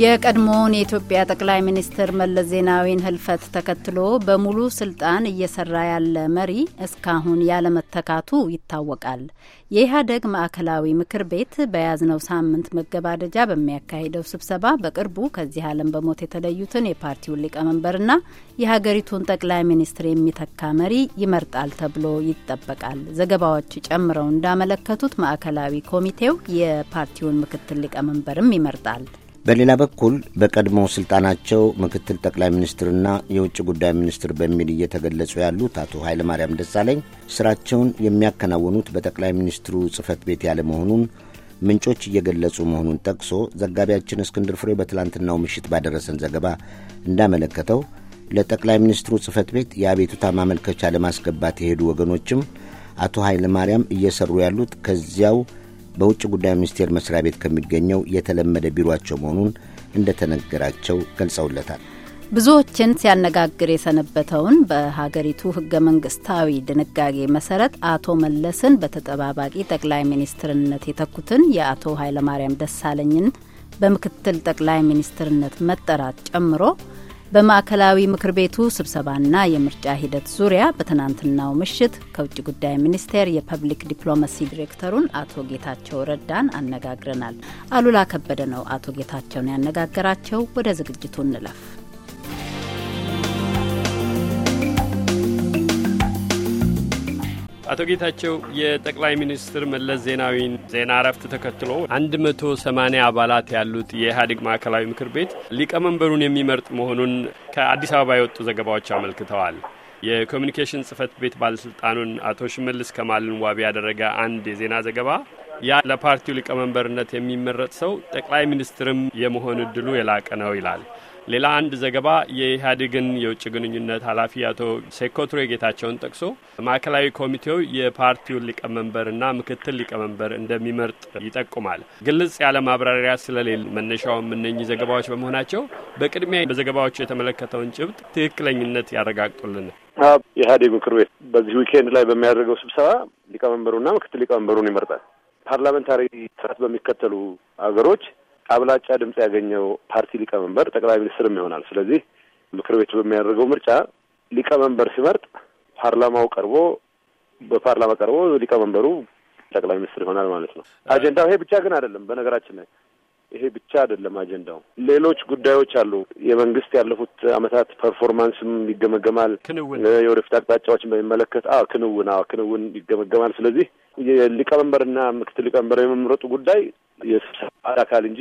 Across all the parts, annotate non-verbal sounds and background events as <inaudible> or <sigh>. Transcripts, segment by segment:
የቀድሞውን የኢትዮጵያ ጠቅላይ ሚኒስትር መለስ ዜናዊን ህልፈት ተከትሎ በሙሉ ስልጣን እየሰራ ያለ መሪ እስካሁን ያለመተካቱ ይታወቃል። የኢህአዴግ ማዕከላዊ ምክር ቤት በያዝነው ሳምንት መገባደጃ በሚያካሂደው ስብሰባ በቅርቡ ከዚህ ዓለም በሞት የተለዩትን የፓርቲውን ሊቀመንበርና የሀገሪቱን ጠቅላይ ሚኒስትር የሚተካ መሪ ይመርጣል ተብሎ ይጠበቃል። ዘገባዎች ጨምረው እንዳመለከቱት ማዕከላዊ ኮሚቴው የፓርቲውን ምክትል ሊቀመንበርም ይመርጣል። በሌላ በኩል በቀድሞ ስልጣናቸው ምክትል ጠቅላይ ሚኒስትርና የውጭ ጉዳይ ሚኒስትር በሚል እየተገለጹ ያሉት አቶ ኃይለማርያም ደሳለኝ ስራቸውን የሚያከናውኑት በጠቅላይ ሚኒስትሩ ጽህፈት ቤት ያለ መሆኑን ምንጮች እየገለጹ መሆኑን ጠቅሶ ዘጋቢያችን እስክንድር ፍሬ በትላንትናው ምሽት ባደረሰን ዘገባ እንዳመለከተው ለጠቅላይ ሚኒስትሩ ጽህፈት ቤት የአቤቱታ ማመልከቻ ለማስገባት የሄዱ ወገኖችም አቶ ኃይለማርያም እየሰሩ ያሉት ከዚያው በውጭ ጉዳይ ሚኒስቴር መስሪያ ቤት ከሚገኘው የተለመደ ቢሮቸው መሆኑን እንደተነገራቸው ገልጸውለታል። ብዙዎችን ሲያነጋግር የሰነበተውን በሀገሪቱ ህገ መንግስታዊ ድንጋጌ መሰረት አቶ መለስን በተጠባባቂ ጠቅላይ ሚኒስትርነት የተኩትን የአቶ ኃይለማርያም ደሳለኝን በምክትል ጠቅላይ ሚኒስትርነት መጠራት ጨምሮ በማዕከላዊ ምክር ቤቱ ስብሰባና የምርጫ ሂደት ዙሪያ በትናንትናው ምሽት ከውጭ ጉዳይ ሚኒስቴር የፐብሊክ ዲፕሎማሲ ዲሬክተሩን አቶ ጌታቸው ረዳን አነጋግረናል። አሉላ ከበደ ነው አቶ ጌታቸውን ያነጋገራቸው። ወደ ዝግጅቱ እንለፍ። አቶ ጌታቸው የጠቅላይ ሚኒስትር መለስ ዜናዊን ዜና እረፍት ተከትሎ 180 አባላት ያሉት የኢህአዴግ ማዕከላዊ ምክር ቤት ሊቀመንበሩን የሚመርጥ መሆኑን ከአዲስ አበባ የወጡ ዘገባዎች አመልክተዋል። የኮሚኒኬሽን ጽህፈት ቤት ባለስልጣኑን አቶ ሽመልስ ከማልን ዋቢ ያደረገ አንድ የዜና ዘገባ ያ ለፓርቲው ሊቀመንበርነት የሚመረጥ ሰው ጠቅላይ ሚኒስትርም የመሆን እድሉ የላቀ ነው ይላል። ሌላ አንድ ዘገባ የኢህአዴግን የውጭ ግንኙነት ኃላፊ አቶ ሴኮትሮ ጌታቸውን ጠቅሶ ማዕከላዊ ኮሚቴው የፓርቲውን ሊቀመንበርና ምክትል ሊቀመንበር እንደሚመርጥ ይጠቁማል። ግልጽ ያለ ማብራሪያ ስለሌል መነሻውም እነኚህ ዘገባዎች በመሆናቸው በቅድሚያ በዘገባዎቹ የተመለከተውን ጭብጥ ትክክለኝነት ያረጋግጡልን። የኢህአዴግ ምክር ቤት በዚህ ዊኬንድ ላይ በሚያደርገው ስብሰባ ሊቀመንበሩና ምክትል ሊቀመንበሩን ይመርጣል። ፓርላመንታሪ ስርዓት በሚከተሉ አገሮች አብላጫ ድምፅ ያገኘው ፓርቲ ሊቀመንበር ጠቅላይ ሚኒስትርም ይሆናል። ስለዚህ ምክር ቤቱ በሚያደርገው ምርጫ ሊቀመንበር ሲመርጥ ፓርላማው ቀርቦ በፓርላማ ቀርቦ ሊቀመንበሩ ጠቅላይ ሚኒስትር ይሆናል ማለት ነው። አጀንዳው ይሄ ብቻ ግን አይደለም። በነገራችን ላይ ይሄ ብቻ አይደለም አጀንዳው። ሌሎች ጉዳዮች አሉ። የመንግስት ያለፉት አመታት ፐርፎርማንስም ይገመገማል። ክንውን፣ የወደፊት አቅጣጫዎችን በሚመለከት ክንውን ክንውን ይገመገማል። ስለዚህ የሊቀመንበርና ምክትል ሊቀመንበር የመምረጡ ጉዳይ የስብሰባ አካል እንጂ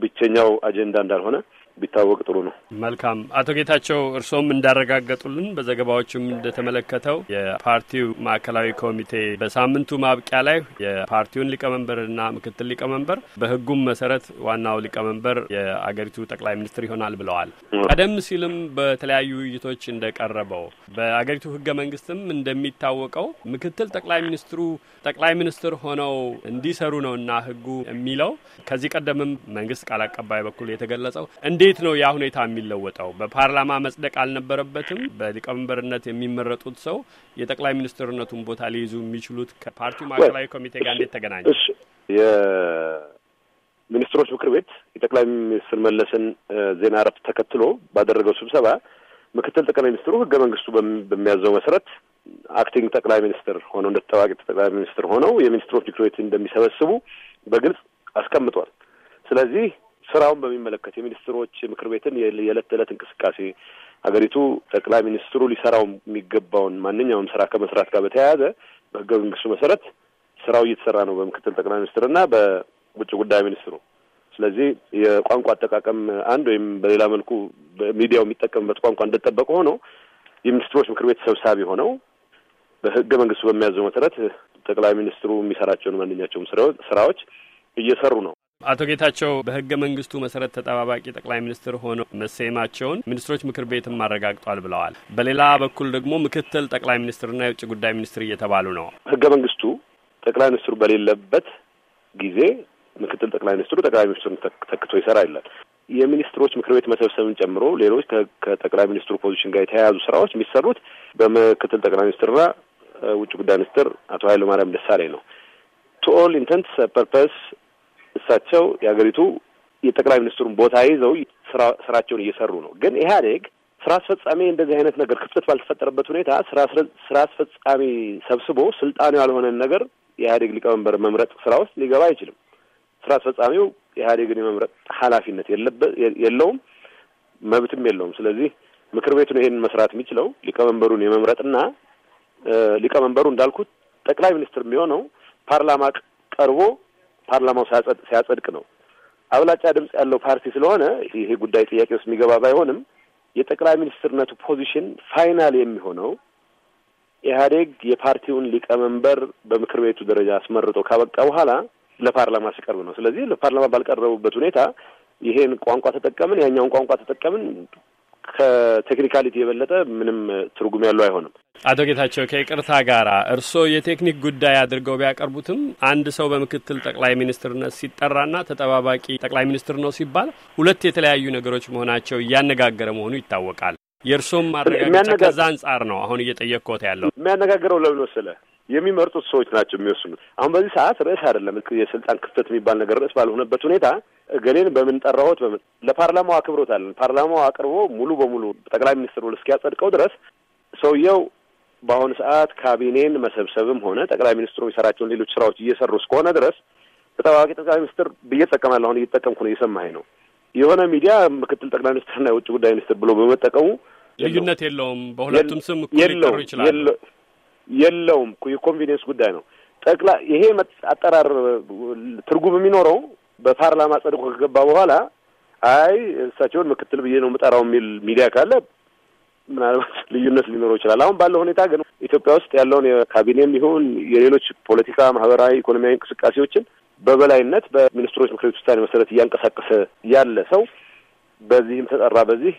ብቸኛው አጀንዳ እንዳልሆነ ቢታወቅ ጥሩ ነው። መልካም አቶ ጌታቸው እርስዎም እንዳረጋገጡልን በዘገባዎችም እንደተመለከተው የፓርቲው ማዕከላዊ ኮሚቴ በሳምንቱ ማብቂያ ላይ የፓርቲውን ሊቀመንበርና ምክትል ሊቀመንበር በሕጉም መሰረት ዋናው ሊቀመንበር የአገሪቱ ጠቅላይ ሚኒስትር ይሆናል ብለዋል። ቀደም ሲልም በተለያዩ ውይይቶች እንደቀረበው በአገሪቱ ሕገ መንግስትም እንደሚታወቀው ምክትል ጠቅላይ ሚኒስትሩ ጠቅላይ ሚኒስትር ሆነው እንዲሰሩ ነውና ሕጉ የሚለው ከዚህ ቀደምም መንግስት ቃል አቀባይ በኩል የተገለጸው እንዲ እንዴት ነው ያ ሁኔታ የሚለወጠው? በፓርላማ መጽደቅ አልነበረበትም። በሊቀመንበርነት የሚመረጡት ሰው የጠቅላይ ሚኒስትርነቱን ቦታ ሊይዙ የሚችሉት ከፓርቲው ማዕከላዊ ኮሚቴ ጋር እንዴት ተገናኘ? የሚኒስትሮች ምክር ቤት የጠቅላይ ሚኒስትር መለስን ዜና እረፍት ተከትሎ ባደረገው ስብሰባ ምክትል ጠቅላይ ሚኒስትሩ ህገ መንግስቱ በሚያዘው መሰረት አክቲንግ ጠቅላይ ሚኒስትር ሆነው እንደ ጠቅላይ ሚኒስትር ሆነው የሚኒስትሮች ምክር ቤት እንደሚሰበስቡ በግልጽ አስቀምጧል። ስለዚህ ስራውን በሚመለከት የሚኒስትሮች ምክር ቤትን የዕለት ተዕለት እንቅስቃሴ ሀገሪቱ ጠቅላይ ሚኒስትሩ ሊሰራው የሚገባውን ማንኛውም ስራ ከመስራት ጋር በተያያዘ በህገ መንግስቱ መሰረት ስራው እየተሰራ ነው በምክትል ጠቅላይ ሚኒስትርና በውጭ ጉዳይ ሚኒስትሩ። ስለዚህ የቋንቋ አጠቃቀም አንድ ወይም በሌላ መልኩ በሚዲያው የሚጠቀምበት ቋንቋ እንደጠበቀ ሆኖ የሚኒስትሮች ምክር ቤት ሰብሳቢ ሆነው በህገ መንግስቱ በሚያዘው መሰረት ጠቅላይ ሚኒስትሩ የሚሰራቸውን ማንኛቸውም ስራዎች እየሰሩ ነው። አቶ ጌታቸው በህገ መንግስቱ መሰረት ተጠባባቂ ጠቅላይ ሚኒስትር ሆነው መሰየማቸውን ሚኒስትሮች ምክር ቤትም አረጋግጧል ብለዋል። በሌላ በኩል ደግሞ ምክትል ጠቅላይ ሚኒስትርና የውጭ ጉዳይ ሚኒስትር እየተባሉ ነው። ህገ መንግስቱ ጠቅላይ ሚኒስትሩ በሌለበት ጊዜ ምክትል ጠቅላይ ሚኒስትሩ ጠቅላይ ሚኒስትሩን ተክቶ ይሰራ ይላል። የሚኒስትሮች ምክር ቤት መሰብሰብን ጨምሮ ሌሎች ከጠቅላይ ሚኒስትሩ ፖዚሽን ጋር የተያያዙ ስራዎች የሚሰሩት በምክትል ጠቅላይ ሚኒስትርና ውጭ ጉዳይ ሚኒስትር አቶ ኃይለማርያም ደሳለኝ ነው ቱ ኦል ኢንተንትስ ፐርፐስ እሳቸው የሀገሪቱ የጠቅላይ ሚኒስትሩን ቦታ ይዘው ስራ ስራቸውን እየሰሩ ነው። ግን ኢህአዴግ ስራ አስፈጻሚ እንደዚህ አይነት ነገር ክፍተት ባልተፈጠረበት ሁኔታ ስራ አስፈጻሚ ሰብስቦ ስልጣኑ ያልሆነን ነገር የኢህአዴግ ሊቀመንበር መምረጥ ስራ ውስጥ ሊገባ አይችልም። ስራ አስፈጻሚው ኢህአዴግን የመምረጥ ኃላፊነት የለውም፣ መብትም የለውም። ስለዚህ ምክር ቤቱን ይሄንን መስራት የሚችለው ሊቀመንበሩን የመምረጥና ሊቀመንበሩ እንዳልኩት ጠቅላይ ሚኒስትር የሚሆነው ፓርላማ ቀርቦ ፓርላማው ሲያጸድቅ ነው። አብላጫ ድምፅ ያለው ፓርቲ ስለሆነ ይሄ ጉዳይ ጥያቄ ውስጥ የሚገባ ባይሆንም የጠቅላይ ሚኒስትርነቱ ፖዚሽን ፋይናል የሚሆነው ኢህአዴግ የፓርቲውን ሊቀመንበር በምክር ቤቱ ደረጃ አስመርጦ ካበቃ በኋላ ለፓርላማ ሲቀርብ ነው። ስለዚህ ለፓርላማ ባልቀረቡበት ሁኔታ ይሄን ቋንቋ ተጠቀምን፣ ያኛውን ቋንቋ ተጠቀምን፣ ከቴክኒካሊቲ የበለጠ ምንም ትርጉም ያለው አይሆንም። አቶ ጌታቸው ከይቅርታ ጋር እርስዎ የቴክኒክ ጉዳይ አድርገው ቢያቀርቡትም አንድ ሰው በምክትል ጠቅላይ ሚኒስትርነት ሲጠራና ተጠባባቂ ጠቅላይ ሚኒስትር ነው ሲባል ሁለት የተለያዩ ነገሮች መሆናቸው እያነጋገረ መሆኑ ይታወቃል። የእርስዎም ማረጋገጫ ከዛ አንጻር ነው አሁን እየጠየቅኮት ያለው። የሚያነጋግረው ለምን መሰለህ? የሚመርጡት ሰዎች ናቸው የሚወስኑት። አሁን በዚህ ሰዓት ርዕስ አይደለም የስልጣን ክፍተት የሚባል ነገር ርዕስ ባልሆነበት ሁኔታ እገሌን በምን ጠራዎች በምን ለፓርላማው አክብሮታል። ፓርላማው አቅርቦ ሙሉ በሙሉ ጠቅላይ ሚኒስትሩ እስኪያጸድቀው ድረስ ሰውየው በአሁኑ ሰዓት ካቢኔን መሰብሰብም ሆነ ጠቅላይ ሚኒስትሩ የሚሰራቸውን ሌሎች ስራዎች እየሰሩ እስከሆነ ድረስ በታዋቂ ጠቅላይ ሚኒስትር ብዬ እጠቀማለሁ። አሁን እየተጠቀምኩ ነው፣ እየሰማኸኝ ነው። የሆነ ሚዲያ ምክትል ጠቅላይ ሚኒስትርና የውጭ ጉዳይ ሚኒስትር ብሎ በመጠቀሙ ልዩነት የለውም። በሁለቱም ስም ሊጠሩ ይችላል። የለውም የኮንቬኒየንስ ጉዳይ ነው። ጠቅላይ ይሄ አጠራር ትርጉም የሚኖረው በፓርላማ ጸድቆ ከገባ በኋላ አይ እሳቸውን ምክትል ብዬ ነው የምጠራው የሚል ሚዲያ ካለ ምናልባት ልዩነት ሊኖረው ይችላል። አሁን ባለው ሁኔታ ግን ኢትዮጵያ ውስጥ ያለውን የካቢኔም ይሁን የሌሎች ፖለቲካ፣ ማህበራዊ፣ ኢኮኖሚያዊ እንቅስቃሴዎችን በበላይነት በሚኒስትሮች ምክር ቤት ውሳኔ መሰረት እያንቀሳቀሰ ያለ ሰው በዚህም ተጠራ በዚህ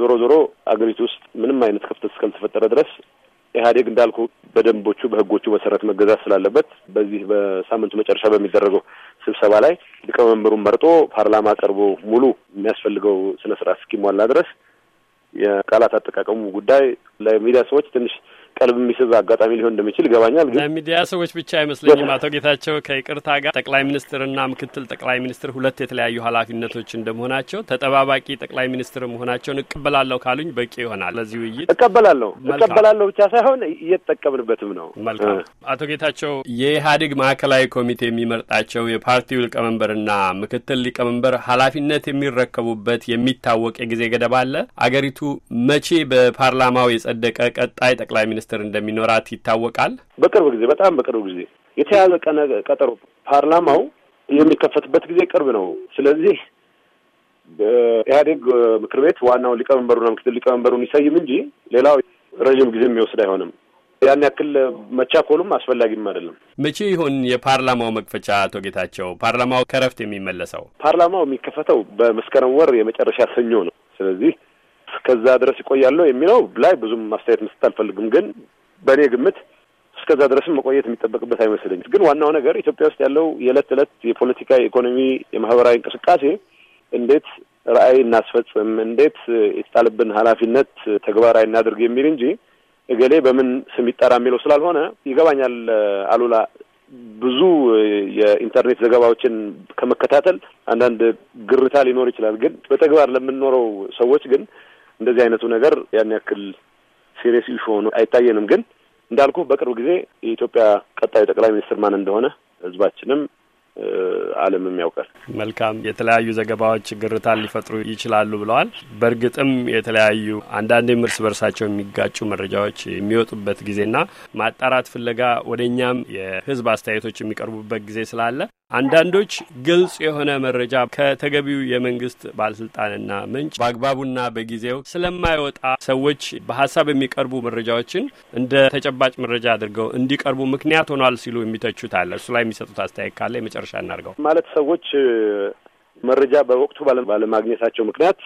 ዞሮ ዞሮ አገሪቱ ውስጥ ምንም አይነት ክፍተት እስካልተፈጠረ ድረስ ኢህአዴግ እንዳልኩ በደንቦቹ በህጎቹ መሰረት መገዛት ስላለበት በዚህ በሳምንቱ መጨረሻ በሚደረገው ስብሰባ ላይ ሊቀመንበሩን መርጦ ፓርላማ ቀርቦ ሙሉ የሚያስፈልገው ስነ ስርዓት እስኪሟላ ድረስ የቃላት አጠቃቀሙ ጉዳይ ለሚዲያ ሰዎች ትንሽ ቀልብ የሚስብ አጋጣሚ ሊሆን እንደሚችል ይገባኛል። ግን ለሚዲያ ሰዎች ብቻ አይመስለኝም። አቶ ጌታቸው ከይቅርታ ጋር ጠቅላይ ሚኒስትርና ምክትል ጠቅላይ ሚኒስትር ሁለት የተለያዩ ኃላፊነቶች እንደመሆናቸው ተጠባባቂ ጠቅላይ ሚኒስትር መሆናቸውን እቀበላለሁ ካሉኝ በቂ ይሆናል። ለዚህ ውይይት እቀበላለሁ እቀበላለሁ ብቻ ሳይሆን እየተጠቀምንበትም ነው። መልካም አቶ ጌታቸው የኢህአዴግ ማዕከላዊ ኮሚቴ የሚመርጣቸው የፓርቲው ሊቀመንበርና ምክትል ሊቀመንበር ኃላፊነት የሚረከቡበት የሚታወቅ የጊዜ ገደብ አለ። አገሪቱ መቼ በፓርላማው የጸደቀ ቀጣይ ጠቅላይ ሚኒስትር ሚኒስትር እንደሚኖራት ይታወቃል። በቅርብ ጊዜ በጣም በቅርብ ጊዜ የተያዘ ቀነ ቀጠሮ ፓርላማው የሚከፈትበት ጊዜ ቅርብ ነው። ስለዚህ በኢህአዴግ ምክር ቤት ዋናው ሊቀመንበሩና ምክትል ሊቀመንበሩን ይሰይም እንጂ ሌላው ረዥም ጊዜ የሚወስድ አይሆንም። ያን ያክል መቻኮሉም አስፈላጊም አይደለም። መቼ ይሁን የፓርላማው መክፈቻ? አቶ ጌታቸው፣ ፓርላማው ከረፍት የሚመለሰው ፓርላማው የሚከፈተው በመስከረም ወር የመጨረሻ ሰኞ ነው። ስለዚህ እስከዛ ድረስ ይቆያለሁ የሚለው ላይ ብዙም ማስተያየት መስጠት አልፈልግም። ግን በእኔ ግምት እስከዛ ድረስም መቆየት የሚጠበቅበት አይመስለኝም። ግን ዋናው ነገር ኢትዮጵያ ውስጥ ያለው የዕለት ዕለት የፖለቲካ፣ የኢኮኖሚ፣ የማህበራዊ እንቅስቃሴ እንዴት ራዕይ እናስፈጽም፣ እንዴት የተጣለብን ኃላፊነት ተግባራዊ እናድርግ የሚል እንጂ እገሌ በምን ስም ይጠራ የሚለው ስላልሆነ ይገባኛል። አሉላ ብዙ የኢንተርኔት ዘገባዎችን ከመከታተል አንዳንድ ግርታ ሊኖር ይችላል። ግን በተግባር ለምንኖረው ሰዎች ግን እንደዚህ አይነቱ ነገር ያን ያክል ሲሪየስ ኢሹ ሆኖ አይታየንም። ግን እንዳልኩ በቅርብ ጊዜ የኢትዮጵያ ቀጣዩ ጠቅላይ ሚኒስትር ማን እንደሆነ ህዝባችንም ዓለምም ያውቃል። መልካም የተለያዩ ዘገባዎች ግርታን ሊፈጥሩ ይችላሉ ብለዋል። በእርግጥም የተለያዩ አንዳንዴም እርስ በርሳቸው የሚጋጩ መረጃዎች የሚወጡበት ጊዜና ማጣራት ፍለጋ ወደ እኛም የህዝብ አስተያየቶች የሚቀርቡበት ጊዜ ስላለ አንዳንዶች ግልጽ የሆነ መረጃ ከተገቢው የመንግስት ባለስልጣንና ምንጭ በአግባቡና በጊዜው ስለማይወጣ ሰዎች በሀሳብ የሚቀርቡ መረጃዎችን እንደ ተጨባጭ መረጃ አድርገው እንዲቀርቡ ምክንያት ሆኗል ሲሉ የሚተቹት አለ። እሱ ላይ የሚሰጡት አስተያየት ካለ የመጨረሻ እናድርገው። ማለት ሰዎች መረጃ በወቅቱ ባለማግኘታቸው ምክንያት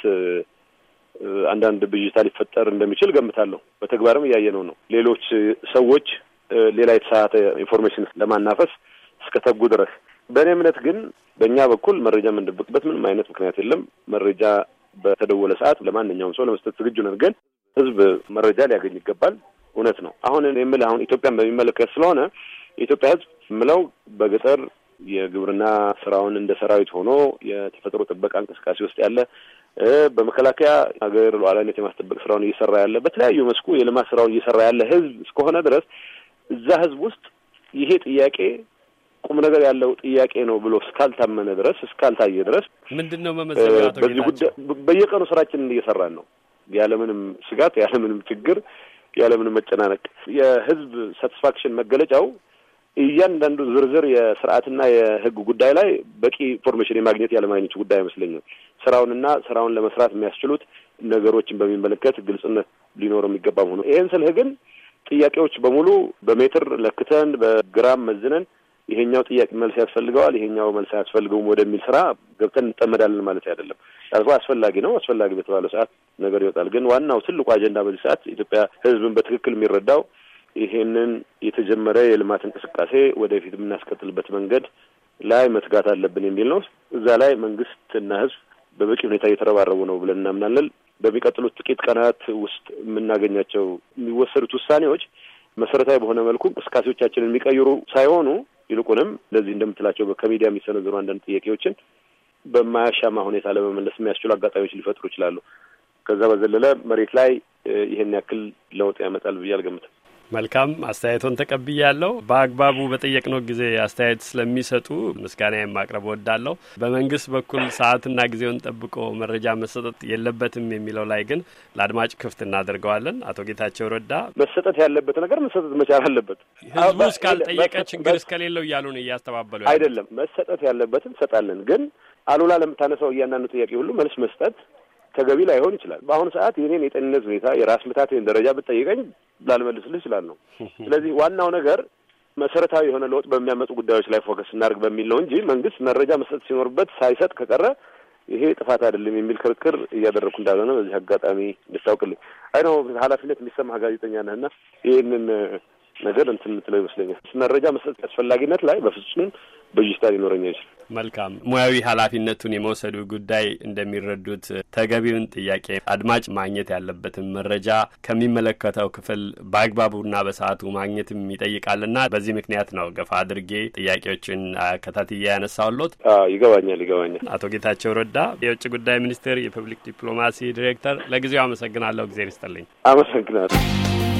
አንዳንድ ብዥታ ሊፈጠር እንደሚችል ገምታለሁ። በተግባርም እያየነው ነው። ሌሎች ሰዎች ሌላ የተሳሳተ ኢንፎርሜሽን ለማናፈስ እስከ ተጉ ድረስ በእኔ እምነት ግን በእኛ በኩል መረጃ የምንደብቅበት ምንም አይነት ምክንያት የለም። መረጃ በተደወለ ሰዓት ለማንኛውም ሰው ለመስጠት ዝግጁ ነን። ግን ህዝብ መረጃ ሊያገኝ ይገባል። እውነት ነው። አሁን የምል አሁን ኢትዮጵያን በሚመለከት ስለሆነ የኢትዮጵያ ህዝብ የምለው በገጠር የግብርና ስራውን እንደ ሰራዊት ሆኖ የተፈጥሮ ጥበቃ እንቅስቃሴ ውስጥ ያለ በመከላከያ ሀገር ሉዓላዊነት የማስጠበቅ ስራውን እየሰራ ያለ በተለያዩ መስኩ የልማት ስራውን እየሰራ ያለ ህዝብ እስከሆነ ድረስ እዛ ህዝብ ውስጥ ይሄ ጥያቄ ቁም ነገር ያለው ጥያቄ ነው ብሎ እስካልታመነ ድረስ እስካልታየ ድረስ ምንድን ነው መመዘቢያ? ጉዳይ በየቀኑ ስራችንን እየሰራን ነው ያለምንም ስጋት ያለምንም ችግር ያለምንም መጨናነቅ። የህዝብ ሳትስፋክሽን መገለጫው እያንዳንዱ ዝርዝር የስርዓትና የህግ ጉዳይ ላይ በቂ ኢንፎርሜሽን የማግኘት ያለማግኘቱ ጉዳይ አይመስለኝም። ስራውንና ስራውን ለመስራት የሚያስችሉት ነገሮችን በሚመለከት ግልጽነት ሊኖረው የሚገባም ሆኖ ይህን ስልህ ግን ጥያቄዎች በሙሉ በሜትር ለክተን በግራም መዝነን ይሄኛው ጥያቄ መልስ ያስፈልገዋል፣ ይሄኛው መልስ አያስፈልገውም ወደሚል ስራ ገብተን እንጠመዳለን ማለት አይደለም። ያልኩ አስፈላጊ ነው። አስፈላጊ በተባለው ሰዓት ነገር ይወጣል። ግን ዋናው ትልቁ አጀንዳ በዚህ ሰዓት ኢትዮጵያ ሕዝብን በትክክል የሚረዳው ይሄንን የተጀመረ የልማት እንቅስቃሴ ወደፊት የምናስቀጥልበት መንገድ ላይ መትጋት አለብን የሚል ነው። እዛ ላይ መንግስትና ሕዝብ በበቂ ሁኔታ እየተረባረቡ ነው ብለን እናምናለን። በሚቀጥሉት ጥቂት ቀናት ውስጥ የምናገኛቸው የሚወሰዱት ውሳኔዎች መሰረታዊ በሆነ መልኩ እንቅስቃሴዎቻችንን የሚቀይሩ ሳይሆኑ ይልቁንም ለዚህ እንደምትላቸው ከሚዲያ የሚሰነዘሩ አንዳንድ ጥያቄዎችን በማያሻማ ሁኔታ ለመመለስ የሚያስችሉ አጋጣሚዎች ሊፈጥሩ ይችላሉ። ከዛ በዘለለ መሬት ላይ ይህን ያክል ለውጥ ያመጣል ብዬ አልገምትም። መልካም አስተያየቶን ተቀብያለሁ። በአግባቡ በጠየቅነው ጊዜ አስተያየት ስለሚሰጡ ምስጋና የማቅረብ ወዳለሁ። በመንግስት በኩል ሰዓትና ጊዜውን ጠብቆ መረጃ መሰጠት የለበትም የሚለው ላይ ግን ለአድማጭ ክፍት እናደርገዋለን። አቶ ጌታቸው ረዳ መሰጠት ያለበት ነገር መሰጠት መቻል አለበት። ህዝቡ እስካልጠየቀ ችግር እስከሌለው እያሉ ነው እያስተባበሉ አይደለም። መሰጠት ያለበትን ሰጣለን። ግን አሉላ ለምታነሳው እያንዳንዱ ጥያቄ ሁሉ መልስ መስጠት ተገቢ ላይሆን ይችላል። በአሁኑ ሰዓት የኔን የጤንነት ሁኔታ የራስ ምታትን ደረጃ ብትጠይቀኝ ላልመልስልህ ነው። <laughs> ስለዚህ ዋናው ነገር መሰረታዊ የሆነ ለውጥ በሚያመጡ ጉዳዮች ላይ ፎከስ እናደርግ በሚል ነው እንጂ መንግስት መረጃ መስጠት ሲኖርበት ሳይሰጥ ከቀረ ይሄ ጥፋት አይደለም የሚል ክርክር እያደረግኩ እንዳልሆነ በዚህ አጋጣሚ ልታውቅልኝ አይነው ኃላፊነት የሚሰማህ ጋዜጠኛ ነህና ይህንን ነገር እንትን የምትለው ይመስለኛል። መረጃ መስጠት አስፈላጊነት ላይ በፍጹም በጅስታ ሊኖረኛ ይችላል። መልካም ሙያዊ ኃላፊነቱን የመውሰዱ ጉዳይ እንደሚረዱት ተገቢውን ጥያቄ አድማጭ ማግኘት ያለበትን መረጃ ከሚመለከተው ክፍል በአግባቡና በሰዓቱ ማግኘትም ይጠይቃልና በዚህ ምክንያት ነው ገፋ አድርጌ ጥያቄዎችን ከታትያ ያነሳውሎት። ይገባኛል ይገባኛል። አቶ ጌታቸው ረዳ የውጭ ጉዳይ ሚኒስቴር የፐብሊክ ዲፕሎማሲ ዲሬክተር፣ ለጊዜው አመሰግናለሁ። እግዜር ይስጥልኝ። አመሰግናለሁ።